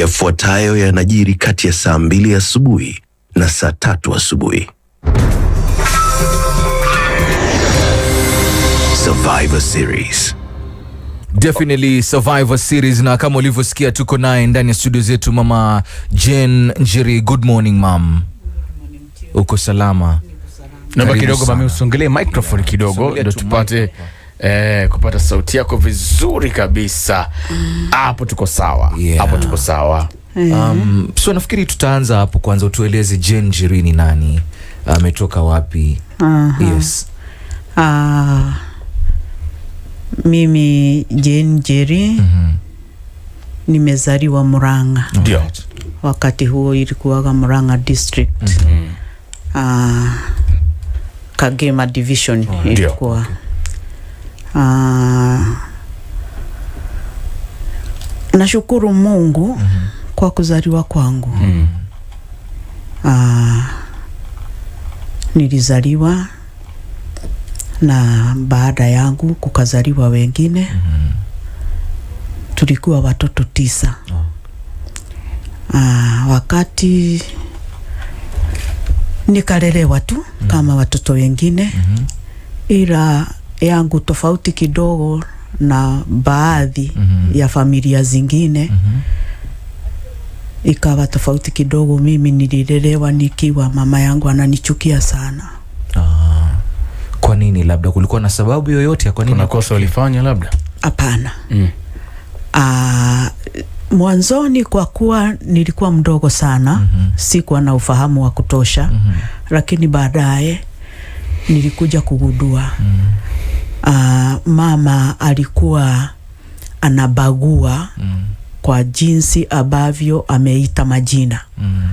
Yafuatayo yanajiri kati ya saa mbili asubuhi na saa tatu asubuhi. Survivor Series. Definitely Survivor Series, na kama ulivyosikia, tuko naye ndani ya studio zetu Mama Jane Njeri. Good morning mam, uko salama? Naomba kidogo mami usungelee microphone kidogo ndio tupate eh, kupata sauti yako vizuri kabisa hapo. Mm. Tuko sawa hapo, yeah. Tuko sawa mm. Um, so nafikiri tutaanza hapo kwanza, utueleze Jane Njeri ni nani, ametoka wapi? uh-huh. Yes. uh, mimi Jane Njeri mm -hmm. Nimezaliwa Murang'a. right. Wakati huo ilikuwaga Murang'a district. mm -hmm. uh, Kagema division ilikuwa. Okay. Ah, nashukuru Mungu mm -hmm. kwa kuzaliwa kwangu mm -hmm. uh, nilizaliwa na baada yangu kukazaliwa wengine mm -hmm. tulikuwa watoto tisa oh. Uh, wakati nikalelewa tu mm -hmm. kama watoto wengine mm -hmm. ila yangu tofauti kidogo na baadhi mm -hmm. ya familia zingine mm -hmm. ikawa tofauti kidogo. Mimi nililelewa nikiwa mama yangu ananichukia sana. Aa, ah. kwa nini? Labda kulikuwa na sababu yoyote ya kwa nini? Kuna kosa ulifanya labda? Hapana. mm. Ah, mwanzoni kwa kuwa nilikuwa mdogo sana mm -hmm. sikuwa na ufahamu wa kutosha mm -hmm. lakini baadaye nilikuja kugundua mm -hmm uh, mama alikuwa anabagua mm. kwa jinsi ambavyo ameita majina mm.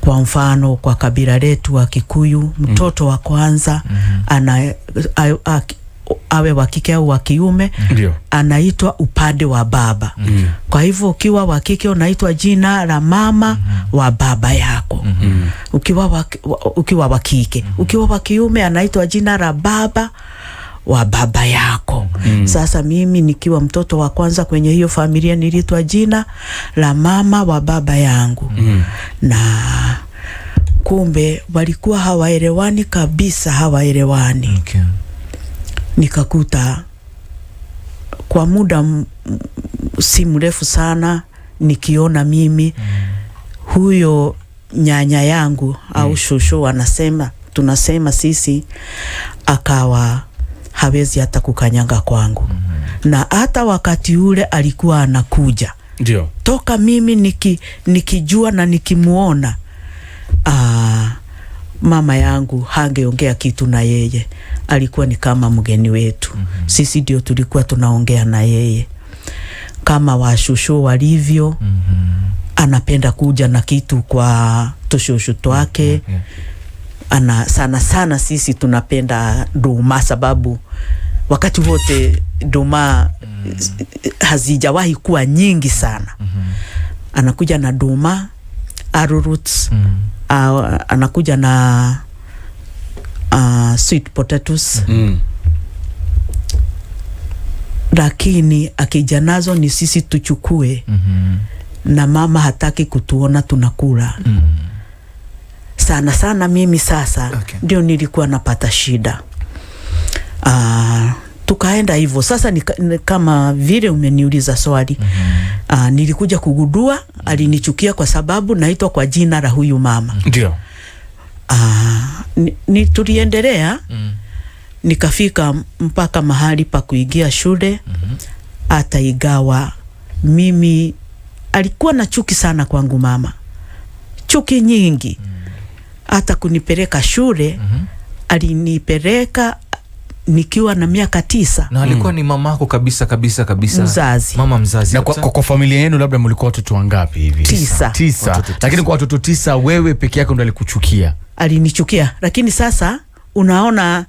Kwa mfano kwa kabila letu wa Kikuyu mtoto mm. wa kwanza mm -hmm. ana, a, a, awe wa kike au wa kiume mm. anaitwa upande wa baba mm. Kwa hivyo ukiwa wa kike unaitwa jina la mama mm. wa baba yako mm -hmm. Ukiwa wa, ukiwa wa kike mm -hmm. Ukiwa wa kiume anaitwa jina la baba wa baba yako mm. Sasa mimi nikiwa mtoto wa kwanza kwenye hiyo familia niliitwa jina la mama wa baba yangu mm. na kumbe walikuwa hawaelewani kabisa, hawaelewani okay nikakuta kwa muda si mrefu sana nikiona mimi mm. huyo nyanya yangu au mm. shosho anasema tunasema sisi akawa hawezi hata kukanyaga kwangu mm -hmm. na hata wakati ule alikuwa anakuja Dio. toka mimi niki, nikijua na nikimuona aa, mama yangu hangeongea kitu na yeye, alikuwa ni kama mgeni wetu. mm -hmm. Sisi ndio tulikuwa tunaongea na yeye kama washushu walivyo. mm -hmm. Anapenda kuja na kitu kwa tushushu twake. mm -hmm. Ana sana sana, sisi tunapenda nduma sababu wakati wote nduma mm -hmm. hazijawahi kuwa nyingi sana. mm -hmm. Anakuja na nduma arrowroots mm -hmm uh, anakuja na uh, sweet potatoes mm. Lakini akija nazo ni sisi tuchukue mm -hmm. na mama hataki kutuona tunakula mm. sana sana. Mimi sasa ndio okay. nilikuwa napata shida uh, tukaenda hivyo. Sasa ni, ni kama vile umeniuliza swali mm -hmm. Ah, kugudua nilikuja -hmm. alinichukia kwa sababu naitwa kwa jina la huyu mama ndio. Aa, ah, ni, ni tuliendelea mm. Nikafika mpaka mahali pa kuingia shule mm hata -hmm. Igawa mimi alikuwa na chuki sana kwangu mama, chuki nyingi mm. hata mm. kunipeleka shule mm -hmm. alinipeleka nikiwa na miaka tisa. Na alikuwa mm. ni mamako kabisa kabisa kabisa, mzazi mama mzazi. Na kwa, kwa familia yenu labda mlikuwa watoto wangapi hivi? Tisa, tisa. tisa. Lakini kwa watoto tisa wewe peke yako ndo alikuchukia? Alinichukia, lakini sasa unaona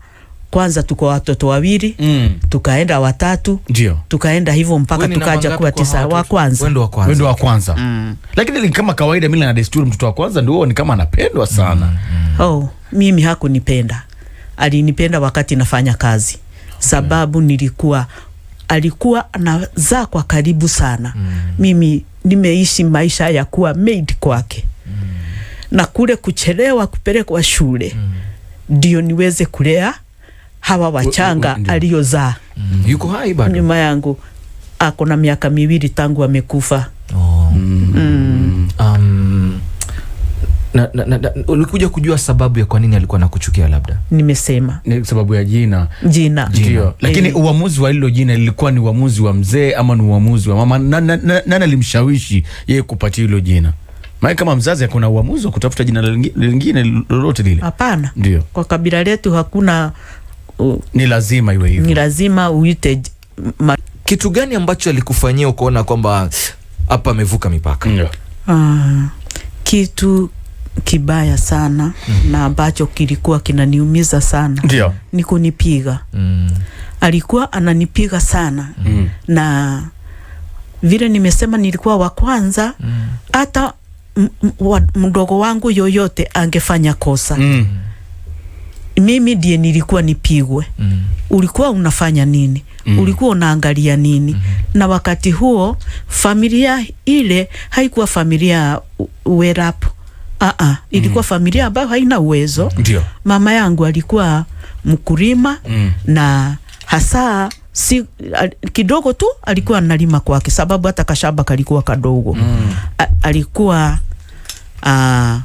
kwanza tuko watoto wawili mm. tukaenda watatu Jio. tukaenda hivyo mpaka tukaja kuwa tisa. wa kwanza wendo wa kwanza, wendo wa kwanza. Mm. Lakini kama kawaida mila na desturi, mtoto wa kwanza ndio ni kama anapendwa sana mm. Mm. Oh, mimi hakunipenda alinipenda wakati nafanya kazi sababu nilikuwa alikuwa anazaa kwa karibu sana mm. Mimi nimeishi maisha ya kuwa maid kwake mm. na kule kuchelewa kupelekwa shule mm. ndio mm. niweze kulea hawa wachanga aliyozaa. mm. Yuko hai bado nyuma yangu, ako na miaka miwili tangu amekufa. oh. mm. mm. um na, na, na, ulikuja kujua sababu ya kwa nini alikuwa nakuchukia? Labda nimesema ni sababu ya jina jina, ndio. Lakini eh. uamuzi wa hilo jina lilikuwa ni uamuzi wa mzee ama ni uamuzi wa mama? Nani alimshawishi yeye kupatia hilo jina? Maana kama mzazi akuna uamuzi wa kutafuta jina lingine lolote lile, hapana. Ndio, kwa kabila letu hakuna uh, ni lazima iwe hivyo, ni lazima uite. Kitu gani ambacho alikufanyia ukaona kwamba hapa amevuka mipaka? Ndio. uh, kitu kibaya sana mm. na ambacho kilikuwa kinaniumiza sana Dio. ni kunipiga mm. alikuwa ananipiga sana mm. na vile nimesema nilikuwa wa kwanza mm. hata mm. mdogo wangu yoyote angefanya kosa mm. mimi ndiye nilikuwa nipigwe mm. ulikuwa unafanya nini mm. ulikuwa unaangalia nini mm. na wakati huo familia ile haikuwa familia werapo Aa, ah, ah, ilikuwa mm. familia ambayo haina uwezo. Ndio. Mama yangu alikuwa mkulima mm. na hasa si kidogo tu alikuwa analima kwake, sababu hata kashamba kalikuwa kadogo mm. A, alikuwa a,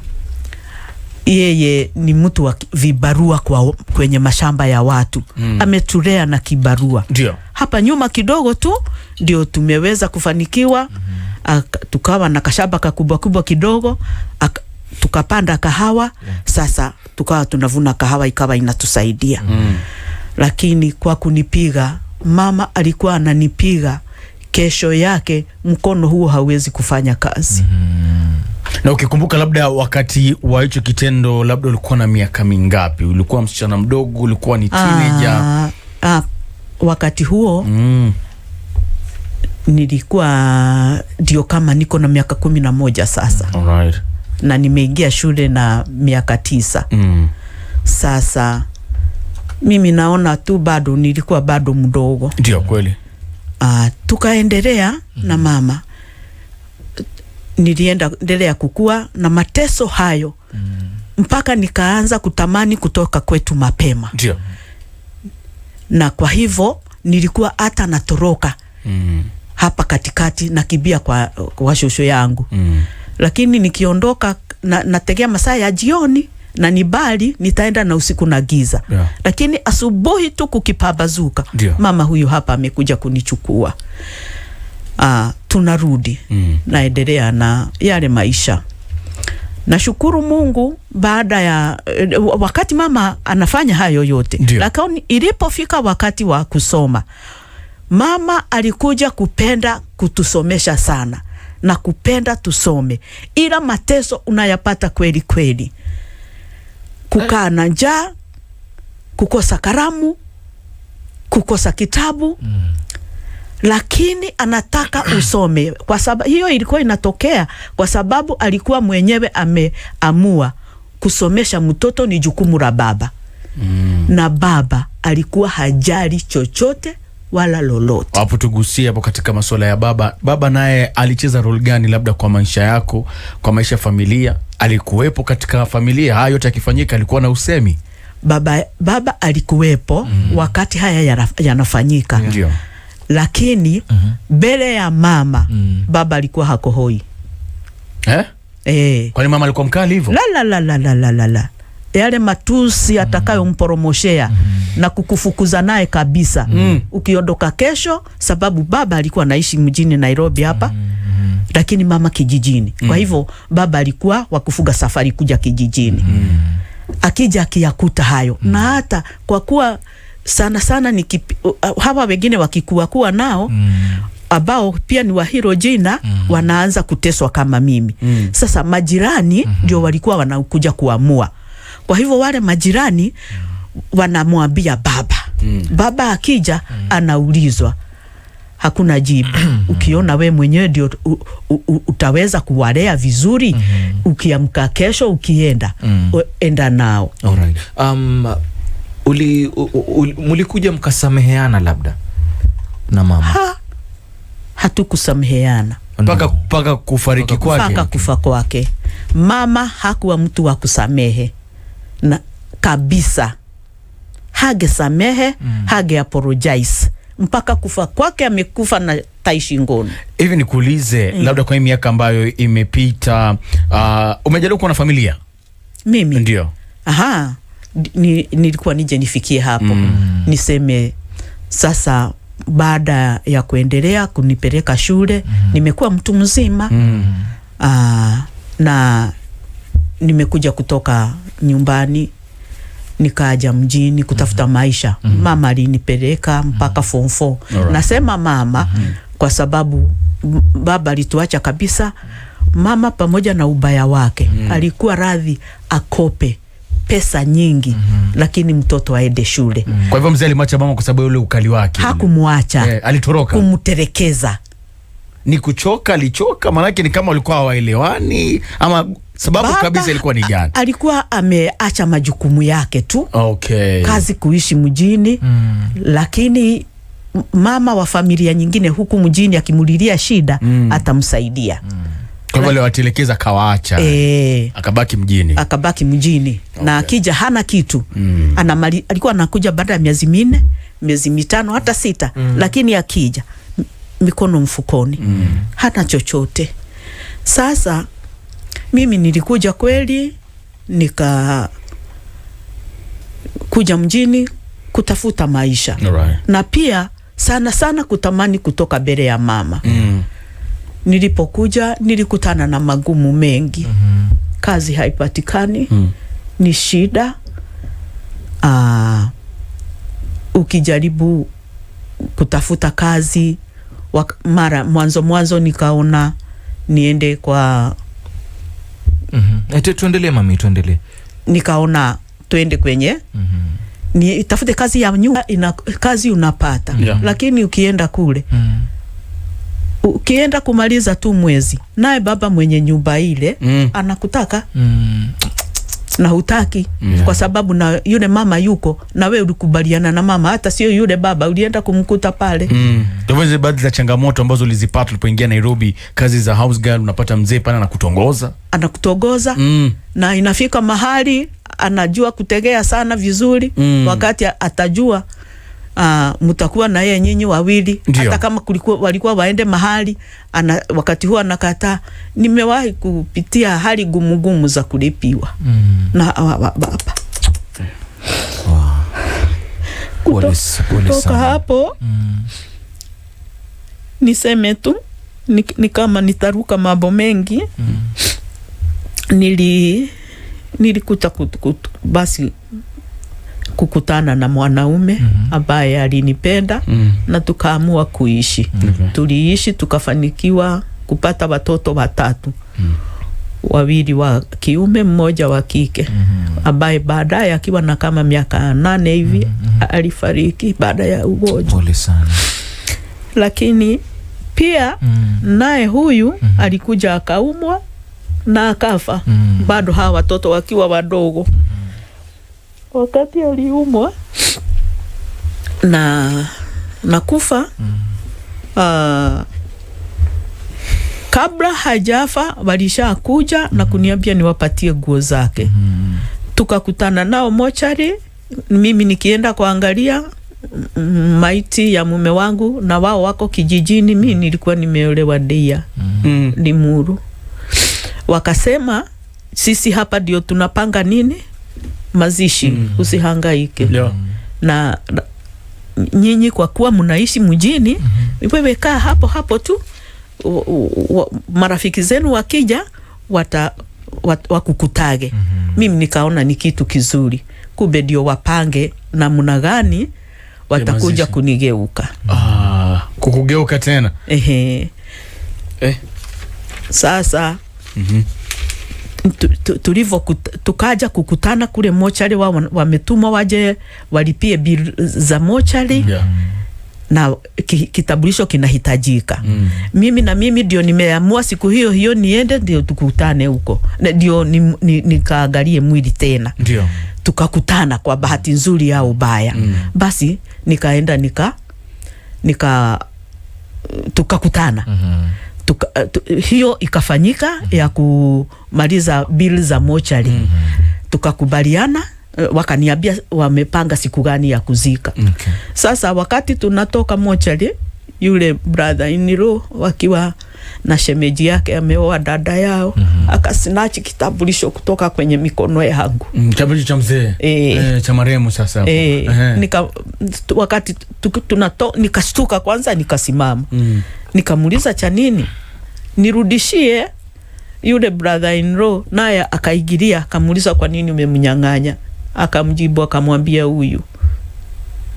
yeye ni mtu wa vibarua kwa kwenye mashamba ya watu mm. ametulea na kibarua. Ndio. Hapa nyuma kidogo tu ndio tumeweza kufanikiwa mm. Mm-hmm. a, tukawa na kashamba kakubwa kubwa kidogo a, tukapanda kahawa sasa, tukawa tunavuna kahawa ikawa inatusaidia mm. Lakini kwa kunipiga mama alikuwa ananipiga, kesho yake mkono huo hauwezi kufanya kazi mm. Na ukikumbuka labda wakati wa hicho kitendo, labda ulikuwa na miaka mingapi? Ulikuwa msichana mdogo? Ulikuwa ni teenager? Ah, ah, wakati huo mm. nilikuwa ndio kama niko na miaka kumi na moja sasa. Alright na nimeingia shule na miaka tisa mm. Sasa mimi naona tu bado nilikuwa bado mdogo, ndio kweli. Uh, tukaendelea mm. na mama nilienda endelea kukua na mateso hayo mm. mpaka nikaanza kutamani kutoka kwetu mapema, ndio. Na kwa hivyo nilikuwa hata natoroka mm. hapa katikati nakibia kwa, kwa shosho yangu mm lakini nikiondoka na, nategea masaa ya jioni na ni bali nitaenda na usiku na giza yeah. Lakini asubuhi tu kukipabazuka yeah. Mama huyu hapa amekuja kunichukua. Aa, ah, tunarudi mm. Naendelea na yale maisha. Nashukuru Mungu baada ya eh, wakati mama anafanya hayo yote yeah. Lakini ilipofika wakati wa kusoma, mama alikuja kupenda kutusomesha sana na kupenda tusome, ila mateso unayapata kweli kweli, kukaa na njaa, kukosa karamu kukosa kitabu mm. Lakini anataka usome kwa sababu hiyo ilikuwa inatokea kwa sababu alikuwa mwenyewe ameamua kusomesha mtoto ni jukumu la baba mm. na baba alikuwa hajali chochote wala lolote. Hapo tugusie hapo katika masuala ya baba. Baba naye alicheza role gani, labda kwa maisha yako, kwa maisha ya familia? Alikuwepo katika familia, haya yote yakifanyika, alikuwa na usemi? Baba, baba alikuwepo mm. wakati haya yanafanyika ya lakini mm-hmm. mbele -hmm. -huh. ya mama mm. baba alikuwa hakohoi eh? Eh. Kwani mama alikuwa mkali hivyo? la la la la la la la yale matusi mm. atakayomporomoshea mm -hmm. na kukufukuza naye kabisa mm -hmm. ukiondoka kesho, sababu baba alikuwa anaishi mjini Nairobi hapa mm -hmm. lakini mama kijijini mm kwa hivyo baba alikuwa wakufuga safari kuja kijijini mm akija akiyakuta hayo mm na hata kwa kuwa sana sana ni kipi, uh, uh hawa wengine wakikuwa kuwa nao mm -hmm ambao pia ni wahiro jina mm wanaanza kuteswa kama mimi mm Sasa majirani mm-hmm. ndio mm -hmm. walikuwa wanakuja kuamua mm. Kwa hivyo wale majirani wanamwambia baba mm. Baba akija mm. anaulizwa hakuna jibu. Mm. Ukiona we mwenyewe ndio utaweza kuwalea vizuri mm -hmm. Ukiamka kesho ukienda mm. enda nao Um, uli, mulikuja mkasameheana labda na mama ha, hatukusameheana mpaka mpaka kufariki kwake mpaka kufa kwake. Mama hakuwa mtu wa kusamehe na kabisa hage samehe mm. hage apologize mpaka kufa kwake amekufa na taishi ngono Hivi nikuulize mm. labda kwa miaka ambayo imepita uh, umejaribu kuwa na familia? Mimi ndio aha, ni, nilikuwa nije nifikie hapo mm. niseme sasa baada ya kuendelea kunipeleka shule mm. nimekuwa mtu mzima mm. uh, na nimekuja kutoka nyumbani nikaja mjini kutafuta mm -hmm. maisha mm -hmm. mama alinipeleka mpaka mm -hmm. form four. Nasema mama mm -hmm. kwa sababu baba alituacha kabisa. Mama pamoja na ubaya wake mm -hmm. alikuwa radhi akope pesa nyingi mm -hmm. lakini mtoto aende shule mm -hmm. Kwa hivyo mzee alimwacha mama kwa sababu ule ukali wake hakumwacha, eh, alitoroka kumterekeza ni kuchoka, alichoka? Maanake ni kama walikuwa hawaelewani ama sababu Baba kabisa ilikuwa ni gani? Alikuwa ameacha majukumu yake tu, okay. Kazi kuishi mjini mm. Lakini mama wa familia nyingine huku mjini akimulilia shida mm. atamsaidia mm. Kwa hivyo aliwatelekeza kawaacha, e, eh. akabaki mjini, akabaki mjini okay. Na akija hana kitu mm. Anamali, alikuwa anakuja baada ya miezi minne miezi mitano hata sita mm. Lakini akija mikono mfukoni mm. hana chochote. Sasa mimi nilikuja kweli, nikakuja mjini kutafuta maisha right. na pia sana sana kutamani kutoka mbele ya mama mm. Nilipokuja nilikutana na magumu mengi mm -hmm. Kazi haipatikani mm. ni shida uh, ukijaribu kutafuta kazi wak, mara mwanzo mwanzo nikaona niende kwa mm -hmm. Tuendelee mami, tuendelee. Nikaona tuende kwenye mm -hmm. ni tafute kazi ya nyumba ina kazi unapata yeah. Lakini ukienda kule mm -hmm ukienda kumaliza tu mwezi, naye baba mwenye nyumba ile mm. anakutaka mm na hutaki yeah. Kwa sababu na yule mama yuko na wewe, ulikubaliana na mama, hata sio yule baba ulienda kumkuta pale. Mm. Ndio baadhi za changamoto ambazo ulizipata ulipoingia Nairobi, kazi za house girl, unapata mzee pana anakutongoza, anakutongoza mm. na inafika mahali anajua kutegea sana vizuri mm. wakati atajua uh, ah, mtakuwa na yeye nyinyi wawili hata kama kulikuwa, walikuwa waende mahali ana, wakati huo anakata. Nimewahi kupitia hali gumugumu za kulipiwa mm. na baba kutoka hapo mm. niseme tu ni, ni kama nitaruka mambo mengi mm. nili nilikuta kutu, kutu, basi kukutana na mwanaume mhm. ambaye alinipenda mm. na tukaamua kuishi. mm-hmm. Tuliishi tukafanikiwa kupata watoto watatu mm. wawili wa kiume mmoja wa kike mm-hmm. ambaye baadaye akiwa na kama miaka nane hivi mm-hmm. Mm-hmm. alifariki baada ya ugonjwa. lakini pia mm-hmm. naye huyu alikuja akaumwa na akafa, mm. bado hawa watoto wakiwa wadogo wakati aliumwa na na kufa mm. Uh, kabla hajafa walishakuja mm. na kuniambia niwapatie nguo zake mm. Tukakutana nao mochari, mimi nikienda kuangalia mm, maiti ya mume wangu, na wao wako kijijini. Mi mm. nilikuwa nimeolewa Deia Limuru mm. muru Wakasema sisi hapa ndio tunapanga nini mazishi mm. Usihangaike yeah. Mm. na nyinyi kwa kuwa mnaishi mjini mm -hmm. Wewe hapo hapo tu u, u, marafiki zenu wakija wata wakukutage mm -hmm. Mimi nikaona ni kitu kizuri, kumbe ndio wapange namna gani watakuja kunigeuka ah, kukugeuka tena ehe eh. Sasa mm -hmm tulivyo tukaja kukutana kule mochari, wa wametumwa waje walipie bili za mochari na na kitambulisho kinahitajika. Mm. Mimi na mimi ndio nimeamua siku hiyo hiyo niende, ndio tukutane huko, ndio nikaangalie ni, ni mwili tena, ndio tukakutana kwa bahati nzuri au baya. Mm. Basi nikaenda nika nika tukakutana. mm -hmm tuka, eh, tu, hiyo ikafanyika mm -hmm. ya kumaliza bill za mochari mm -hmm. tukakubaliana eh, wakaniambia wamepanga siku gani ya kuzika. Okay. Sasa wakati tunatoka mochari, yule brother in law wakiwa na shemeji yake ameoa dada yao mm -hmm. Akasinachi kitambulisho kutoka kwenye mikono yangu mm, kitambulisho mm, cha mzee e, e, cha marehemu sasa e, nika, wakati tunato nikashtuka kwanza, nikasimama mm. nikamuliza cha nini nirudishie yule brother in law naye akaigiria, akamuliza kwa nini umemnyang'anya? Akamjibu akamwambia, huyu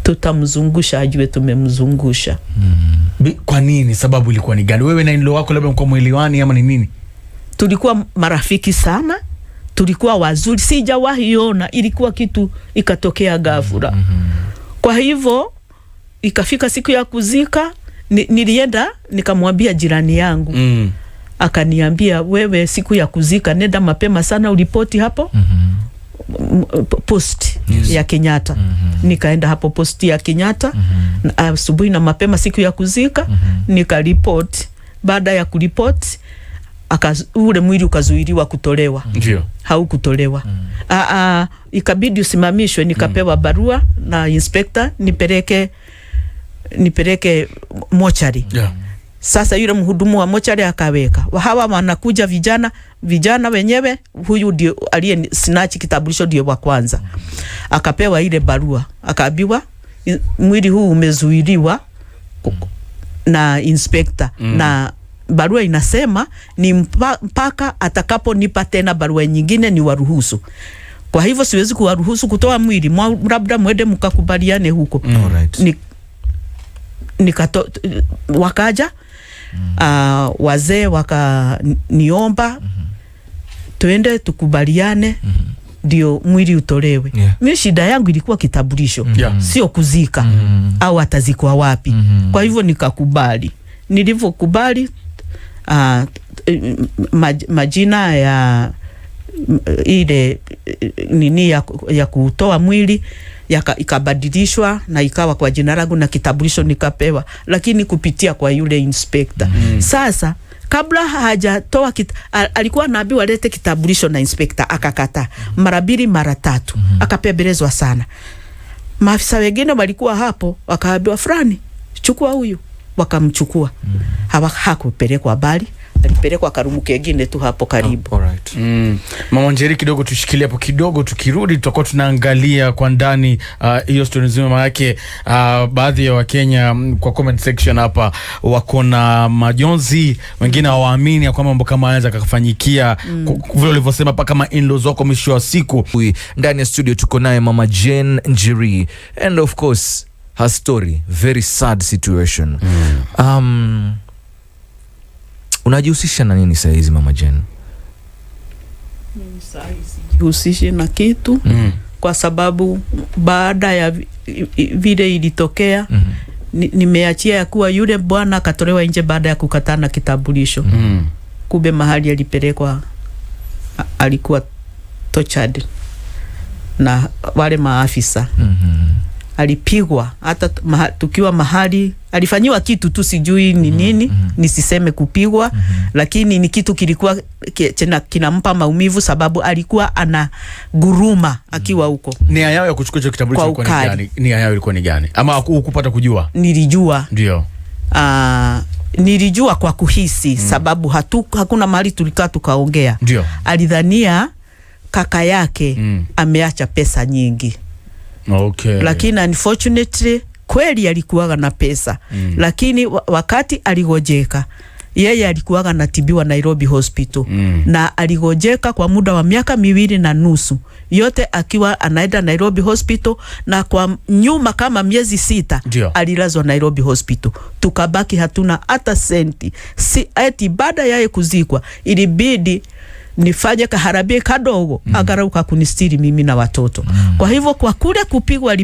tutamzungusha ajue tumemzungusha. mm. Kwa nini? Sababu ilikuwa ni gani? Wewe na in wako labda mko mwelewani ama ni nini? Tulikuwa marafiki sana, tulikuwa wazuri, sijawahi ona, ilikuwa kitu ikatokea ghafla. mm -hmm. Kwa hivyo ikafika siku ya kuzika ni, nilienda nikamwambia jirani yangu mm. Akaniambia, wewe, siku ya kuzika nenda mapema sana, ulipoti hapo mm -hmm. post yes. ya Kenyatta mm -hmm nikaenda hapo posti ya Kenyatta mhm. asubuhi mm -hmm. na mapema siku ya kuzika mm -hmm. nikaripoti. Baada ya kuripoti ule mwili ukazuiliwa kutolewa hau haukutolewa mm. a, ikabidi usimamishwe, nikapewa mhm. barua na inspekta nipeleke nipeleke mochari yeah. Sasa yule mhudumu wa mochari akaweka wahawa wanakuja vijana vijana wenyewe, huyu ndio aliye snatch kitambulisho ndio wa kwanza akapewa ile barua, akaambiwa mwili huu umezuiliwa na inspekta mm. na barua inasema ni mpaka atakaponipa tena barua nyingine ni waruhusu. Kwa hivyo siwezi kuwaruhusu kutoa mwili, labda mwende mkakubaliane huko mm. Ni, ni kato, wakaja mm. uh, wazee wakaniomba mm -hmm. tuende tukubaliane mm -hmm ndio mwili utolewe. Yeah. Mimi shida yangu ilikuwa kitambulisho, mm-hmm. yeah. sio kuzika mm -hmm. au atazikwa wapi. mm -hmm. Kwa hivyo nikakubali. Nilivyokubali uh, majina ya ile eh, nini ya, ya kutoa mwili ikabadilishwa na ikawa kwa jina langu na kitambulisho nikapewa, lakini kupitia kwa yule inspector mm. Sasa kabla hajatoa kita, alikuwa anaambiwa alete kitambulisho na inspector akakata mara mbili mara tatu mm -hmm. Akapembelezwa sana. Maafisa wengine walikuwa hapo wakaambiwa, fulani chukua huyu, wakamchukua mm -hmm. Hakupelekwa bali alipelekwa karumu kengine tu hapo karibu. Oh, right. Mm. Mama Njeri, kidogo tushikilie hapo kidogo, tukirudi tutakuwa tunaangalia kwa ndani uh, hiyo uh, story nzima, yake uh, baadhi ya Wakenya mm, kwa comment section hapa wako na majonzi, wengine hawaamini ya kwamba mambo kama haya yanaweza kufanyikia mm. vile ulivyosema, pa kama in-laws wako mwisho wa siku. Ndani ya studio tuko naye Mama Jane Njeri and of course her story very sad situation mm. um, Unajihusisha na nini saa hizi Mama Jane? Sijihusishi na kitu mm. Kwa sababu baada ya vile ilitokea mm -hmm. nimeachia ni ya kuwa yule bwana akatolewa nje baada ya kukataa na kitambulisho mm. Kumbe mahali alipelekwa alikuwa tochad na wale maafisa mm -hmm alipigwa hata maha, tukiwa mahali alifanyiwa kitu tu sijui ni mhm, nini mm -hmm. Nisiseme kupigwa mm -hmm. Lakini ni kitu kilikuwa kinampa maumivu, sababu alikuwa ana guruma akiwa mhm. huko. Nia yao ya kuchukua hicho kitambulisho ilikuwa ni gani? Nia yao ilikuwa ni gani? Ama hukupata kujua? Nilijua ndio uh, nilijua kwa kuhisi mm. Sababu hatu, hakuna mahali tulikaa tukaongea. Ndio. Alidhania kaka yake mm. ameacha pesa nyingi Okay. Lakini unfortunately kweli alikuwaga na pesa mm. Lakini wakati aligojeka yeye alikuwaga natibiwa Nairobi Hospital mm. na aligojeka kwa muda wa miaka miwili na nusu yote akiwa anaenda Nairobi Hospital, na kwa nyuma kama miezi sita alilazwa Nairobi Hospital, tukabaki hatuna hata senti si, eti baada yaye kuzikwa ilibidi nifanye kaharabie kadogo mm. agarauka kunistiri mimi na watoto mm. kwa hivyo kwa kule kupigwa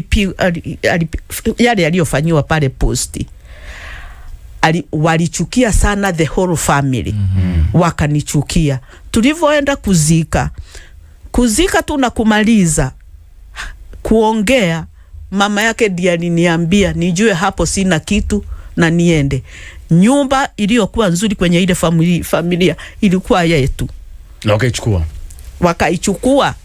yale yaliyofanyiwa pale posti ali, walichukia sana the whole family mm -hmm. wakanichukia tulivyoenda kuzika kuzika tu na kumaliza kuongea, mama yake ndiye aliniambia nijue hapo sina kitu na niende. Nyumba iliyokuwa nzuri kwenye ile familia, familia ilikuwa yetu na wakaichukua, wakaichukua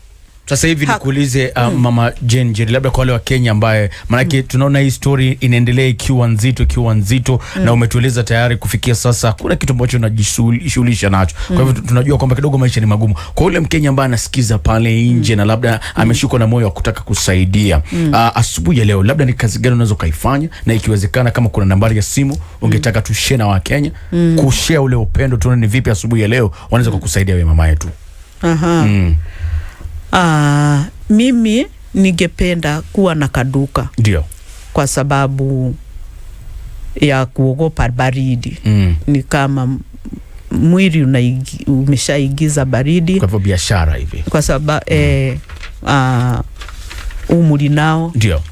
sasa hivi nikuulize, uh, mm. mama Jane Jerry, labda kwa wale wa Kenya ambaye maanake mm. tunaona hii story inaendelea ikiwa nzito ikiwa nzito mm. na umetueleza tayari kufikia sasa kuna kitu ambacho unajishughulisha nacho mm. kwa hivyo mm. tunajua kwamba kidogo maisha ni magumu kwa yule Mkenya ambaye anasikiza pale nje mm. na labda mm. ameshikwa na moyo wa kutaka kusaidia mm. uh, asubuhi ya leo, labda ni kazi gani unaweza ukaifanya, na ikiwezekana kama kuna nambari ya simu ungetaka mm. tushare na Wakenya mm. kushare ule upendo, tuone ni vipi asubuhi ya leo wanaweza kukusaidia wewe mama yetu. Aha. Mm. Uh, mimi ningependa kuwa na kaduka ndio, kwa sababu ya kuogopa baridi mm. Ni kama mwili umeshaigiza baridi, kwa sababu biashara hivi, kwa sababu mm. eh, ah, umri nao ndio,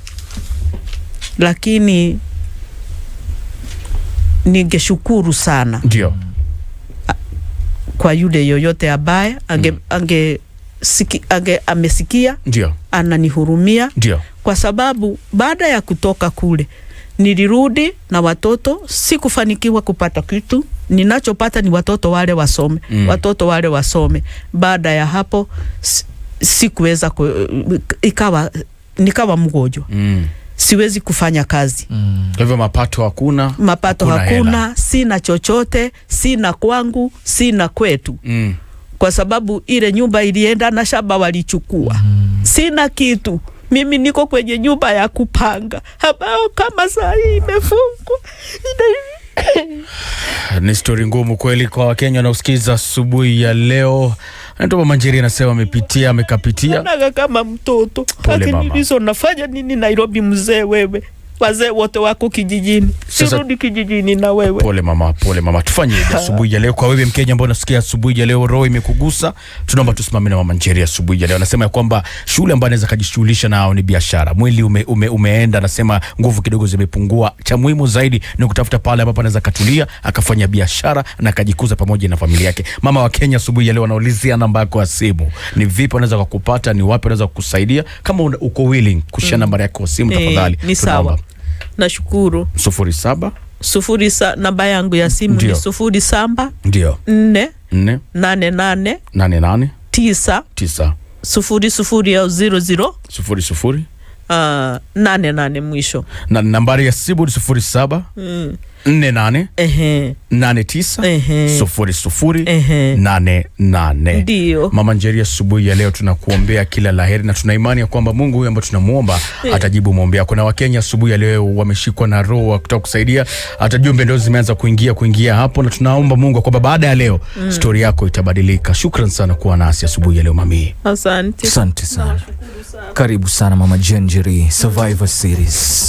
lakini ningeshukuru sana ndio kwa yule yoyote ambaye ange, mm. ange siki, age, amesikia ndio ananihurumia ndio, kwa sababu baada ya kutoka kule nilirudi na watoto, sikufanikiwa kupata kitu. Ninachopata ni watoto wale wasome mm. watoto wale wasome. Baada ya hapo sikuweza ku, ikawa nikawa mgonjwa mm. siwezi kufanya kazi mm. hivyo mapato hakuna, mapato hakuna, hakuna sina chochote, sina kwangu, sina kwetu mm kwa sababu ile nyumba ilienda na shamba walichukua. Mm. Sina kitu. Mimi niko kwenye nyumba ya kupanga ambayo kama saa hii imefungwa. Ni stori ngumu kweli kwa Wakenya wanaosikiza asubuhi ya leo. Natoba Manjeri anasema amepitia amekapitia naga kama mtoto, lakini hizo nafanya nini Nairobi mzee wewe? wazee wote wako kijijini, sirudi kijijini na wewe. Pole mama, pole mama, tufanye asubuhi ya leo? Kwa wewe Mkenya ambao unasikia asubuhi ya leo roho imekugusa, tunaomba tusimame na mama Njeri asubuhi ya leo. Anasema ya kwamba shule ambayo anaweza kujishughulisha nao ni biashara. Mwili ume, ume, umeenda, anasema nguvu kidogo zimepungua. Cha muhimu zaidi ni kutafuta pale ambapo anaweza katulia akafanya biashara na akajikuza pamoja na familia yake. Mama wa Kenya asubuhi ya leo anaulizia namba yako ya simu, ni vipi anaweza kukupata, ni wapi anaweza kukusaidia, kama uko willing kushia mm. namba yako ya simu eh, tafadhali. Ni sawa nashukuru. sufuri saba sufuri sa, namba yangu ya simu ni sufuri saba ndio nne nane nane nane nane tisa tisa sufuri sufuri au zero zero sufuri sufuri Uh, nane nane mwisho na nambari ya ni sufuri saba mm. nne nane ehe. nane tisa ehe. sufuri sufuri ehe. nane nane. Ndio Mama Njeri, asubuhi ya leo tunakuombea kila laheri na tuna imani ya kwamba Mungu huyu ambaye tunamuomba eh. atajibu maombi yako. Na Wakenya asubuhi ya leo wameshikwa na roho wa kutaka kusaidia, hata jumbe ndio zimeanza kuingia kuingia hapo, na tunaomba Mungu kwamba baada ya leo mm. stori yako itabadilika. Shukran sana kuwa nasi asubuhi ya leo mami, asante asante sana. Karibu sana Mama Janjery Survivor Series.